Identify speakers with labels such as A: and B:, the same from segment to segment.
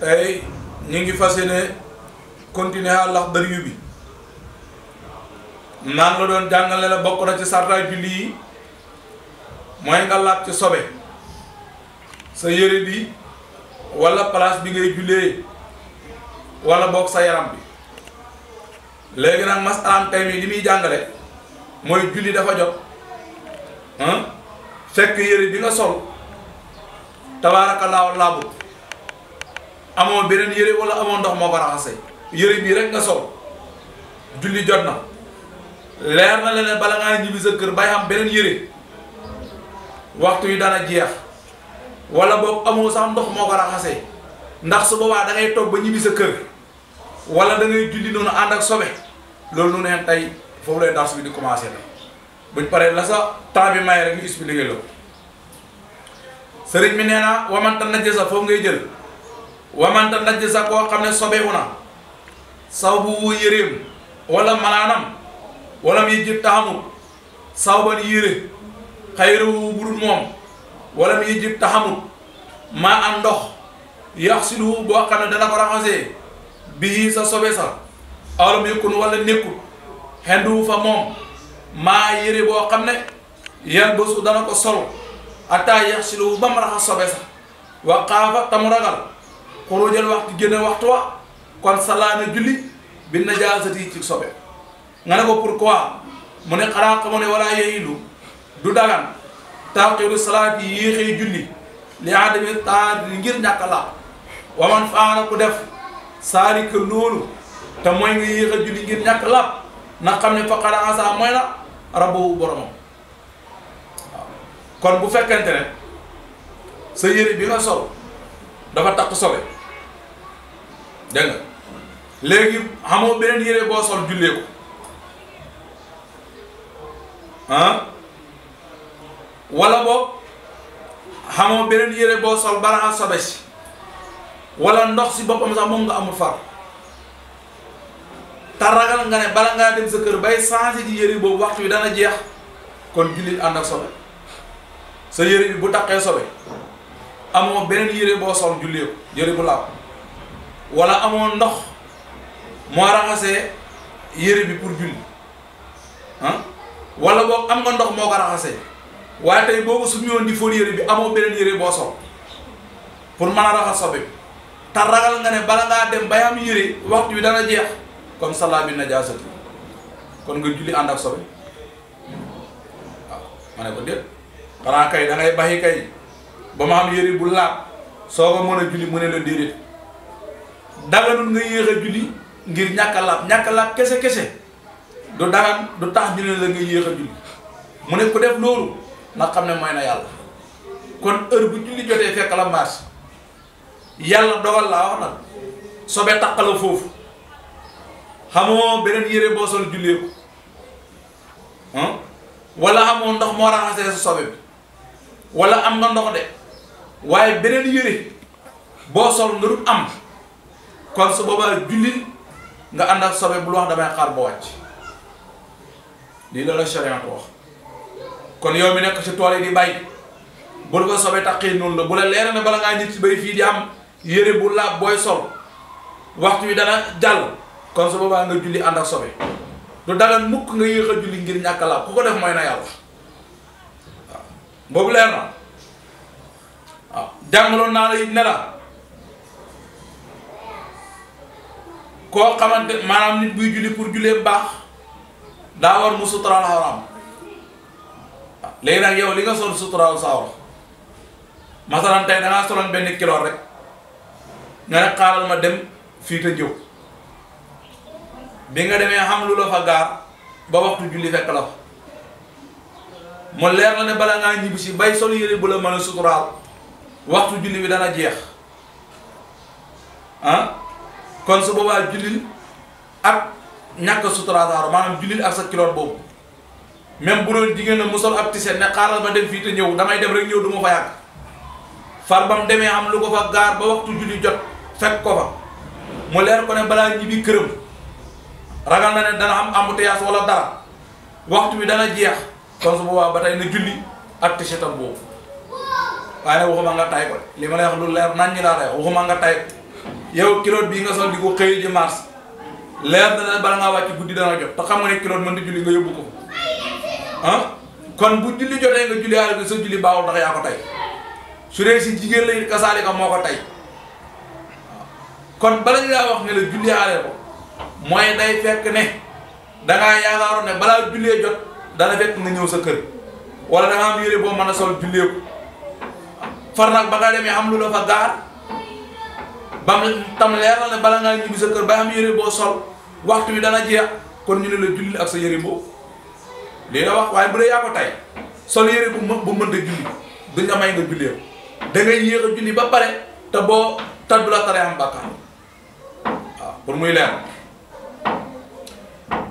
A: tey ñu ngi fas yéene continuer à Laxdariyu bi naan la doon jàngale la bokk na ci sartaay julli yi mooy nga laab ci sobe sa yére bi wala place bi ngay jullee wala bokk sa yaram bi léegi nag masalaam tey mi li muy jàngale mooy julli dafa jot fekk yére bi nga sol tabaarakallaahu laabut amo benen yere wala amo ndox mo ko raxase yére bii rek nga sol julli jotna na leer na leen bala nga ñibi sa kër bay xam benen yere waxtu yi dana jeex wala boobu amoo sax ndox mo ko raxase ndax su boba da ngay tok ba ñibi sa kër wala da ngay julli noonu and ak sobe lolou nu neen tay fofu lay dars bi di commencer na buñ paré la sa temps bi may rek ñu lo serigne mi neena na fofu ngay jël wa man wamanta ndajj sa koo xam ne sobewu na saw bu wu yëreem wala malaanam wala muy jib taxamul saw ban yére xayruwu budul moom wala muy jib taxamul maa am ndox yax siluwu boo xam ne dana ko raxasee bii sa sobe sa awlam yëkkun wala nekkul xenduwu fa moom maa yére boo xam ne yan bésu dana ko sol ataa yax siluwu ba mu raxas sobe sa wa xaafa tamu ragal xurujal waxtu génn waxtu wa kon salaana julli bi najasati ci sobe nga ne ko pourquoi mu ne xanaa xamu ne wala yeyilu du dagan taqiru salati yexe julli li adami taad ngir ñàkk wa man faana ku def saari que ta te mooy nga julli ngir na xamne ne qara asa moy la rabbu borom kon bu fekkante ne sa yere bi nga sol dafa tak sobe deng legi xamoo benen yere bo sol julle ko han wala bo xamoo benen yere bo sol bara sobe si wala ndox si bopam sax mo nga amul far taragal nga ne bala nga dem sa keur bay changé di yere bo waxtu bi dana jeex kon jullit ànd ak sobe sa yere bi bu taqee sobe amoo benen yere bo sol julle ko yere bu laaw wala amoo ndox moo raxasee yére bi pour julli ah wala boog am nga ndox moo ko raxasee waaye tey boo ko suñu yoon di fóot yére bi amoo beneen yére boo sol pour mën a raxas sobe te ragal nga ne bala ngaa dem bay am yére waxtu bi dana jeex kon salaa bi najaasati kon nga julli ànd ak sobe waaw ko déet xanaa kay da baxi kay ba ma am yére bu laab soo ko mën a julli mu ne la déedéet daganul nga yéex a julli ngir ñàkk laab laab kese kese du dagan du tax ñu ne la nga yéex julli mu ne ku def loolu na xam ne na yàlla kon heure bu julli jotee fekk la marche yàlla dogal laa wax nag sobe taqala foofu xamoo beneen yére boo sol jullee ko wala xamoo ndox moo raxasee sa sobe bi wala am nga ndox de waaye beneen yére boo sol nga am kon su boba jullit nga ànd ak sobe bul wax damay xar bo wacc li la la chariat wax kon yow mi nek ci tool di bay bu ko sobe takki non la bu la leer na bala nga nit ci bay fi di am yere bu la boy sol waxtu wi dana dal kon su boba nga julli ànd ak sobe du dagan mukk nga yéex julli ngir ñàkk laab ku ko def moy na yàlla bobu leer na waaw jàngaloon la it la ko xamante manam nit buy julli pour julle bax da war mu suturaal xawraam léegi nag yow li nga sol suturaal al sawr masalan tay da ngaa soloon benn kilo rek nga rek xalal ma dem fi te jow bi nga demee xam lu la fa gar ba waxtu julli fek la mo leer na ne bala nga ñib ci bay sol yele bu la mën a waxtu julli bi dana jeex ah kon su boba julil ak ñàkk sutura daaro manam julil ak sa kiloon bob même bu doon digene musul ab tiset ne xaaral ba dem fi te ñew damay dem rek ñew duma fa yak far bam deme am lu ko fa gar ba waxtu julli jot fek ko fa mu leer ko ne ñi bi kërëm ragal na ne dana am embouteillage wala dara waxtu bi dana jeex kon su boba batay na julli ak tisetam boobu waaye waxuma nga tay ko li wax lu leer nañ ñi la lay waxuma nga tay ko yow kilo bi nga sol di ko xëy ji mars leer na la bala ngaa wàcc guddi dana jot ta xam nga ne kilote di julli nga yobbu ko han kon bu julli jotay nga julli ala so julli baaxul ndax ya ko tay su re si jigéen lay it ko moko tay kon bala ñu wax ne la julli ala ko moy day fekk ne da ngaa yaakaaroon ne bala julli jot dana fekk nga ñew sa kër wala da nga am yere bo meuna sol julli ko far nag ba nga demé am lu la fa gar bam tam leral ne bala nga ñibi sa kër ba am yéré bo sol waxtu bi dana jeex kon ñu ne la julli ak sa yéré bo li la wax waye bu ya ko tay sol yéré bu bu mën de julli du nga may nga julli da ngay yéxa julli ba paré ta bo taddu la tare am bakkar pour muy leer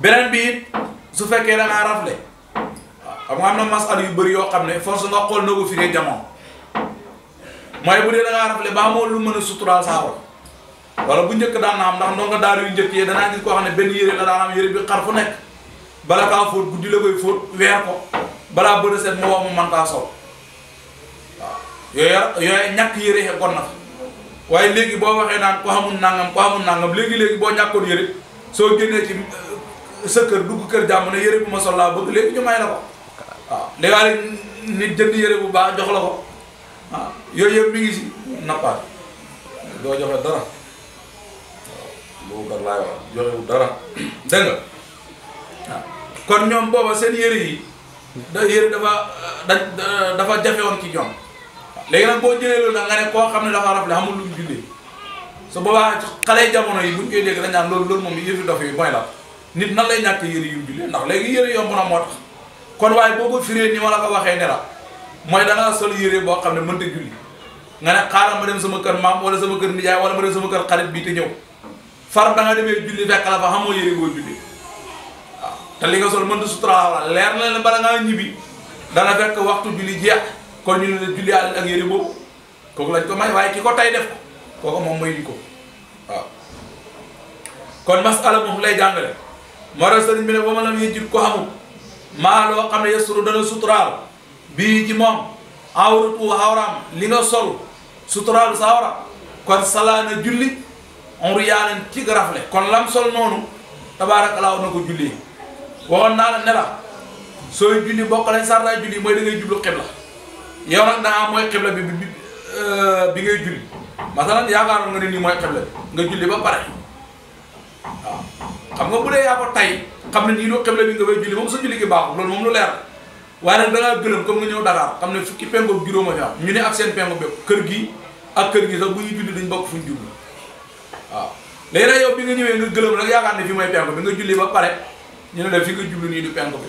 A: benen bi su fekke da nga raflé xam nga amna masal yu bari yo xamne force nga xol nako firé jamo moy bu dé da nga raflé ba mo lu mëna sutural sa wala bu njëkk daan am ndax ndongo daara yu njëkk yi danaa gis xam ne benn yére la daan am yére bi xar fu nekk bala kaa fóot guddi la koy fóot weer ko balaa bëri set mu wax mu mën kaa sol waaw yooyu ñàkk yére xeggoon na fa waaye léegi boo waxee naan ko xamul nangam ko xamul nangam léegi-léegi boo ñàkkoon yére soo génnee ti euh, sa dugg kër jàmm na yére bi ma sol laa bëgg léegi ñu may la ko waaw a nit jënd yére bu baax jox la ko waaw yooyu yëpp mi si nappaat doo joxe dara Boubacar laay wax joxewu dara dégg nga nah, kon ñoom booba seen yére da yére dafa eh, da eh, dafa jafe woon ci ñoom léegi nag boo jëlee loolu nag nga ne koo xam ne dafa rafle xamul lu mu jullee su boobaa xale jamono yi buñ koy dégg dañ naan loolu loolu moom yëfi dof yi mooy la nit nan lay ñàkk yére yu jullee na moo kon waaye boo ko firee ni ma ko la da ngaa sol yeri bo xam ne mënta julli nga ne xaaral ma dem sama kër maam wala sama kër nijaay wala ma dem sama kër xarit bi te far da nga demé julli fekk la fa xamo yéré go julli waaw li nga sol sutra wala lér na la bala ñibi da na fekk waxtu julli jeex kon ñu la julli al ak yëre boobu ko lañ ko may way kiko tay def ko ko mom mooy ko kon masala mu lay jangale mo ra sëriñ bi ne bama lam yéjju ko xamul maa loo xam ne yasuru dana suturaal bii ci awru tu hawram li nga sol sutra sawra kon salaa na julli on ci cig rafle kon lam sol noonu tabaarakallaa na ko jullee waxoon naa la ne la sooy julli bokk lañ sartaay julli mooy da ngay jublu xibla yow nag dangaa mooy xibla bi bi euh, bi ngay julli masalan yaakaaroon nga ne nii mooy xibla bi nga julli ba pare waaw xam nga bu dee yaa ko tay xam ne nii doo xibla bi nga fay julli moom sa julli gi baaxul loolu moom lu leer waaye nag da ngaa nga ñëw Dakar xam ne fukki pengo juróoma fi am ñu ne ak seen pengo bépp kër gi ak kër gi sax bu ñu julli dañ bokk fu ñu jublu waaw léegi nag yow bi nga ñëwee nga gëlëm nag yaakaar ne fi mooy penku bi nga julli ba pare ñu ne la fi nga jublu nii du penku bi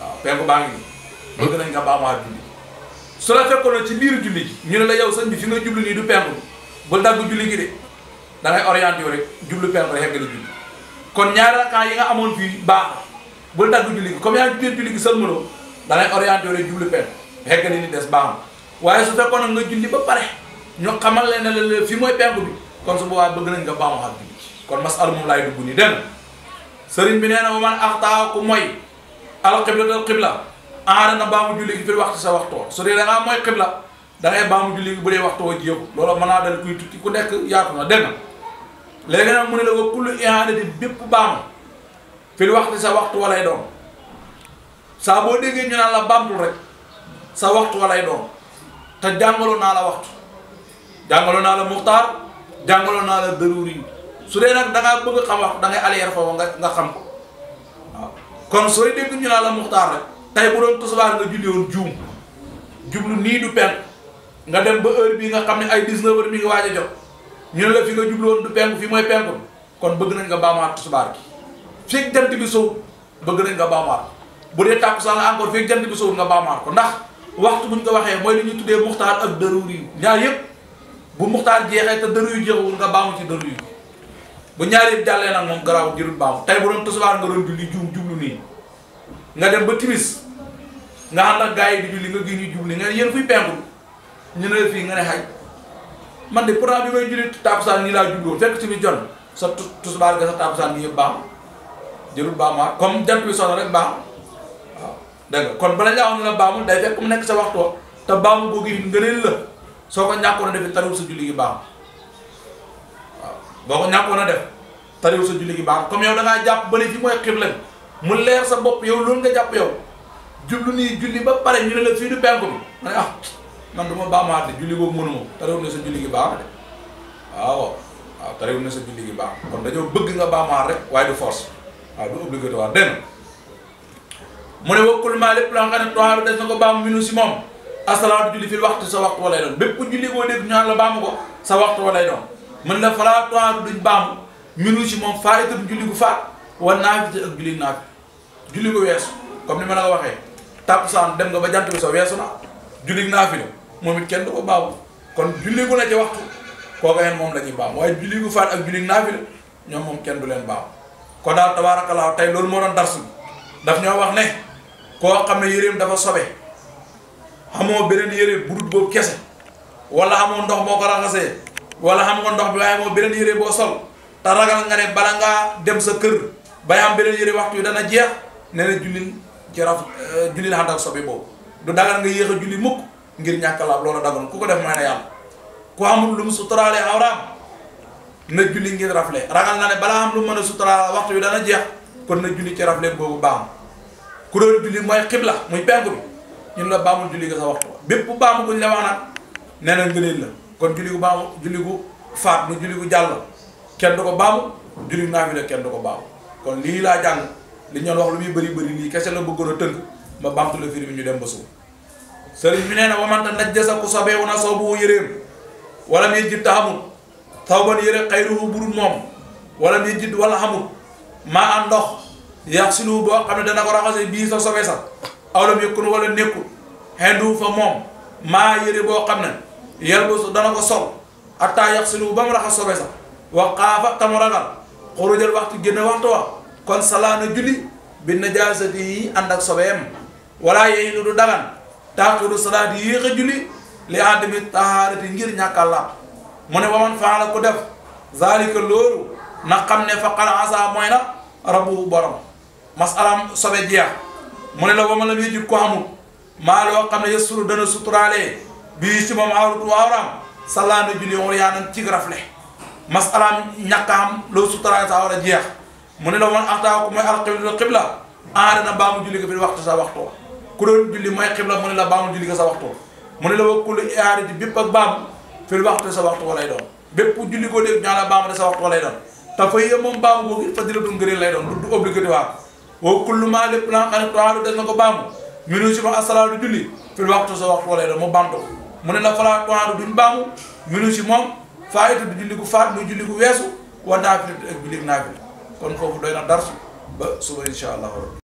A: waaw ah, penku baa ngi nii bëgg nañ nga baamuwaat julli su la fekkoon ci biir julli gi ñu ne la yow sëñ bi fi nga jublu nii du penku bi bul dagg julli gi de da ngay orienté wu rek jublu penku rek egg la julli kon ñaari rakkaa yi nga amoon fii baax bul dagg julli gi comme yaa ngi julli gi sël mënoo da ngay orienté wu rek jublu penku egg li ni des baax waaye su fekkoon nga julli ba pare ñu xamal leen la fi mooy penku bi kon su boobaa bëgg nañ nga baamu xam bi kon masal moom lay dugg ni dégg serigne bi neena man axtaa ku al qibla al qibla ara na baamu julli fi waxtu sa waxto su re da ngaa qibla da ngay baamu julli bu re waxto ji yow loolu mana dal kuy tukki ku nek yaatu na dégg legi na mu ne la ko kullu di bepp baamu fi waxtu sa waxto walay do sa bo déggee ñu na la rek sa waxto walay do ta jangalo na la waxtu jangalo na la muxtar jangolo na la daruri su dee nak da nga bëgg xam wax da ngay aller foofu nga nga xam ko waaw kon sooy dégg ñu naa la muxtar rek tay bu doon tusubaar nga julli won joom jublu ni du pen nga dem ba heure bi nga xam ne ay 19 h mi nga waja jox ñu la fi nga jublu won du pen fi moy pen kon bëgg nañ nga baama tusubaar ki fii jant bi sow bëgg nañ nga baama bu tak sa la encore fii jant bi sow nga baama ko ndax waxtu buñ ko waxee moy li ñu tuddé muxtar ak daruri ñaar yépp bu muxtar jeexé té dëru yu jeexul nga baamu ci dëru yu bu ñaari jàllee nag moom garaaw jërul baamu tay bu doon tusubaar nga doon julli juum jublu ni nga dem ba timis nga am ak gaay yi di julli nga gis ñu jubli nga yeen fuy penku ñu ne fi nga ne xaj man de pourtant bi may julli tabsan ni la jublu fekk ci mi jonne sa tusubaar nga sa tabsan ni yeb baamu jërul baamuwaat ah. comme jant bi sonn rek baamu waaw nga kon bala la wax ne la baamu day fekk mu nekk sa waxto ta baamu bo gi ngëneel la soko ko ñàkkoon a defee sa julli gi baax waaw boo ko def tariw sa julli gi baax comme yow da nga japp ba ne fi moy qibla mu leer sa bop yow loolu nga japp yow jublu ni julli ba pare ñu la fi du penku bi ah man ba ma baamaate julli boobu mënu ma tariwul sa julli gi baax de waaw tariw na sa julli gi baax kon dañu bëgg nga ma rek way du force waaw du obligatoire den mu ne wokkul maa lépp la nga ne toxaaru des nga ba mu minu ci mom asalaatu julli fil waxtu sa waxtu walay doon bépp julli boo dégg ñu naan la baamu ko sa waxtu walay doon mën na falaa toiru duñ baamu minu si moom faa itam julli gu faat wan naa ak julli naafi julli gu weesu comme ni la ko waxee tàkkusaan dem nga ba jant bi weesu na julli naafi moom it kenn du ko baamu kon julli gu ne ci waxtu kooka yeen moom la ñuy baamu waaye julli gu faat ak julli naafi la ñoom moom kenn du leen baamu kon daal tabaarakalaa tey loolu moo doon darsu daf ñoo wax ne koo xam ne yëreem dafa sobe amoo beneen yére bu boobu kese wala amoo ndox moo ko raxasee wala xam ndox bi waaye amoo beneen yére boo sol te ragal nga ne bala ngaa dem sa kër bay am beneen yére waxtu yu dana jeex nee na jullil ci raf euh, jullil ànd ak sobe boobu du dagal nga yéex a julli mukk ngir ñàkk laab loola dagoon ku ko def may na yàlla ku amul lu mu suturaale awraam na julli ngir rafle ragal na ne balaa am lu mën a suturaale waxtu yu dana jeex kon na julli ci rafle boobu baaxam ku doon julli mooy xibla muy penku ñun la baamul julli ga sa waxtu wa bépp bu baamu guñ la wax nag nee na ngëneel la kon julli gu baamu julli gu faat nu julli gu jàll kenn du ko baamu julli naafila kenn du ko baamu kon lii laa jàng li ñoon wax lu muy bëri bëri lii kese la bëggoon a tënk ma bamtu la firi bi ñu dem ba suuf sëriñ bi nee na wamanta naj jasa ku sobeewu na soo bu yëreem wala muy jidd xamul taw ban yëre xayruhu burul moom wala muy jidd wala xamul maa am ndox yàq si lu boo xam ne dana ko raxase bii sa sobe sax awlam yakunu wala neku hendu fa mom ma yere bo xamna yalbu su dana ko sol atta yaxsilu bam mu raxas sobe sax wa qafa tamu ragal waqtu genn génn waxtu wax kon salaana julli bin najasati andak sobem wala yeenu du dagan julli li adami taharati ngir waman faala ko def zalika lolu na xamne fa qala asa moyna rabbu rabu borom masalam sobe jeex mu ne la ba ma la muy jur ko xamul maa loo xam ne yasuru dana suturaalee bii ci moom awratu awraam salaana julli wala yaa nan cig rafle masalaam ñàkk a am loo suturaalee sa awra jeex mu ne la man axtaaku mooy alqibla qibla aare na baamu julli ko fi waxtu sa waxtu ku doon julli mooy xibla mu ne la baamu julli ko sa waxtu mu ne la wa kulli aare di bépp ak baam fi waxtu sa waxtu walay doon bépp julli ko dégg ñaa la baamu de sa waxtu walay doon te fay moom baamu boo fa di la doon ngëri lay doon du obligatoire wa kullu maa lépp la nga xam ne ko baamu ñu ne si ma asalaatu julli fil waxtu sa waxtu wala da mu bamtu mu ne la falaa tuwaalu duñ baamu ñu ne si moom faayitu du julli gu faat muy julli gu weesu wa naafila ak julli naafila kon foofu doy na darsu ba suba incha allah.